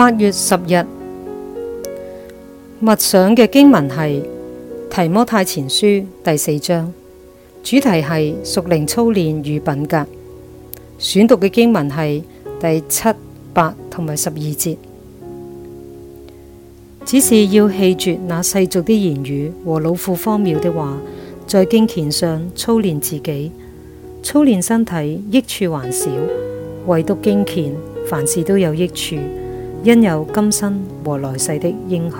八月十日默想嘅經文係《提摩太前書》第四章，主題係屬靈操練與品格。選讀嘅經文係第七、八同埋十二節，只是要棄絕那世俗的言語和老婦荒渺的話，在敬虔上操練自己。操練身體益處還少，唯獨敬虔凡事都有益處。因有今生和來世的應許，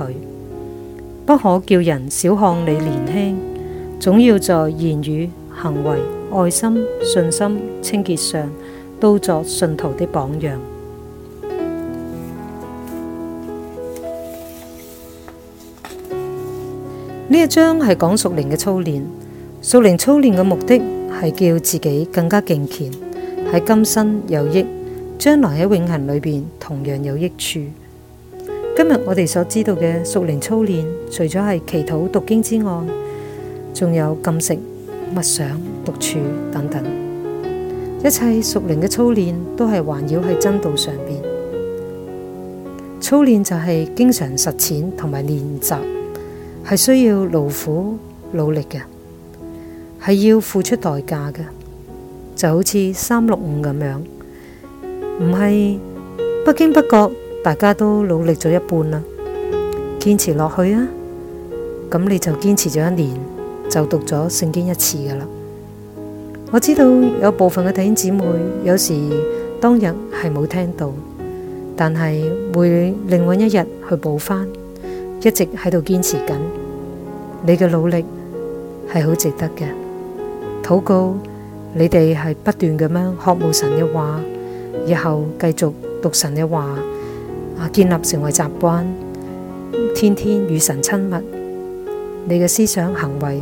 不可叫人小看你年輕，總要在言語、行為、愛心、信心、清潔上都作信徒的榜樣。呢一章係講屬靈嘅操練，屬靈操練嘅目的係叫自己更加敬虔，喺今生有益。將來喺永恒裏邊同樣有益處。今日我哋所知道嘅屬靈操練，除咗係祈禱、讀經之外，仲有禁食、默想、獨處等等。一切屬靈嘅操練都係環繞喺真道上邊。操練就係經常實踐同埋練習，係需要勞苦努力嘅，係要付出代價嘅，就好似三六五咁樣。唔係不經不覺，大家都努力咗一半啦，堅持落去啊！咁你就堅持咗一年，就讀咗聖經一次噶啦。我知道有部分嘅弟兄姊妹，有時當日係冇聽到，但係會另外一日去補翻，一直喺度堅持緊。你嘅努力係好值得嘅。禱告你哋係不斷咁樣渴慕神嘅話。以後繼續讀神嘅話，啊，建立成為習慣，天天與神親密，你嘅思想行為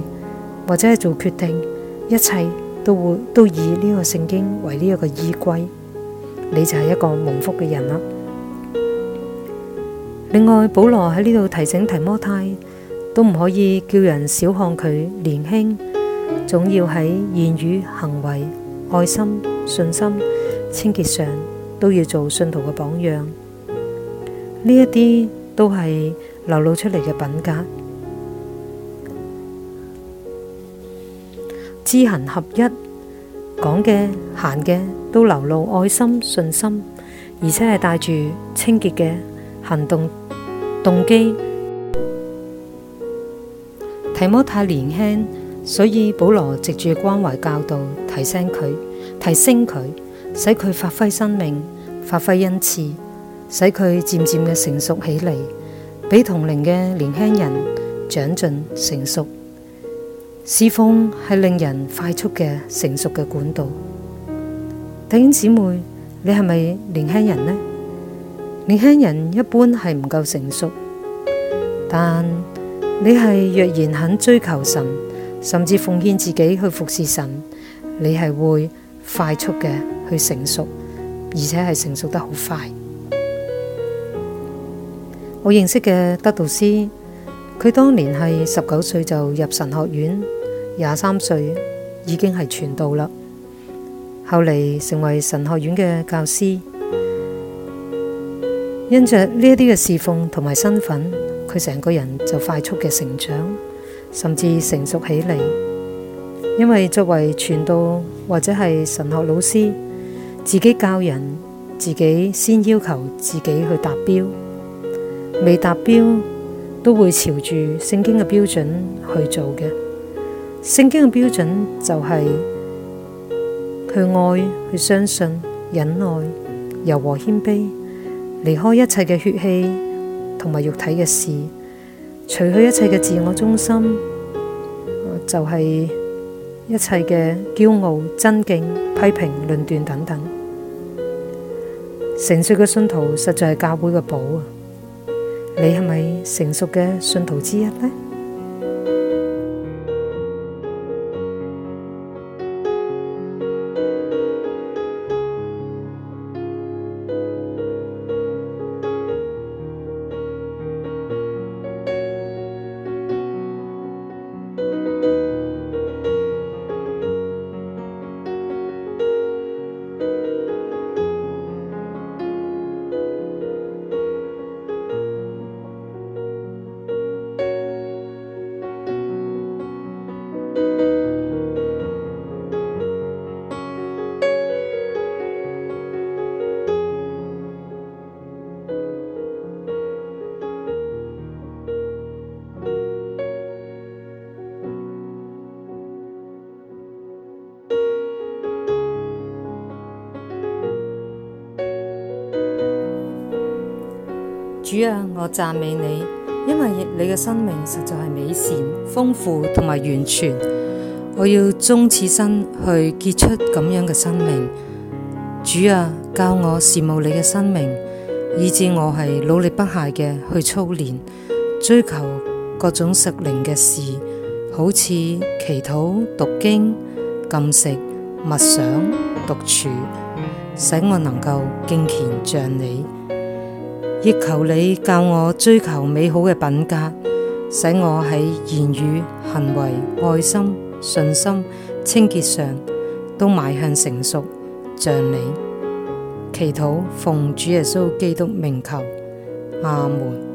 或者係做決定，一切都會都以呢個聖經為呢個依歸，你就係一個蒙福嘅人啦。另外，保羅喺呢度提醒提摩太，都唔可以叫人小看佢年輕，總要喺言語、行為、愛心、信心。清潔上都要做信徒嘅榜樣，呢一啲都係流露出嚟嘅品格，知行合一，講嘅行嘅都流露愛心、信心，而且係帶住清潔嘅行動動機。提摩太年輕，所以保羅藉住關懷教導，提升佢，提升佢。使佢發揮生命，發揮恩賜，使佢漸漸嘅成熟起嚟，比同齡嘅年輕人長進成熟。侍奉係令人快速嘅成熟嘅管道。弟兄姊妹，你係咪年輕人呢？年輕人一般係唔夠成熟，但你係若然肯追求神，甚至奉獻自己去服侍神，你係會快速嘅。佢成熟，而且係成熟得好快。我認識嘅德道師，佢當年係十九歲就入神學院，廿三歲已經係傳道啦。後嚟，成為神學院嘅教師，因着呢一啲嘅侍奉同埋身份，佢成個人就快速嘅成長，甚至成熟起嚟。因為作為傳道或者係神學老師。自己教人，自己先要求自己去達標，未達標都會朝住聖經嘅標準去做嘅。聖經嘅標準就係去愛、去相信、忍耐、柔和、謙卑，離開一切嘅血氣同埋肉體嘅事，除去一切嘅自我中心，就係一切嘅驕傲、爭競、批評、論斷等等。成熟嘅信徒實在係教會嘅寶啊！你係咪成熟嘅信徒之一呢？主啊，我讚美你，因為你嘅生命實在係美善、豐富同埋完全。我要終此生去結出咁樣嘅生命。主啊，教我羨慕你嘅生命，以致我係努力不懈嘅去操練，追求各種屬靈嘅事，好似祈禱、讀經、禁食、默想、獨處，使我能夠敬虔像你。亦求你教我追求美好嘅品格，使我喺言語、行為、愛心、信心、清潔上都邁向成熟，像你。祈禱奉主耶穌基督名求，阿門。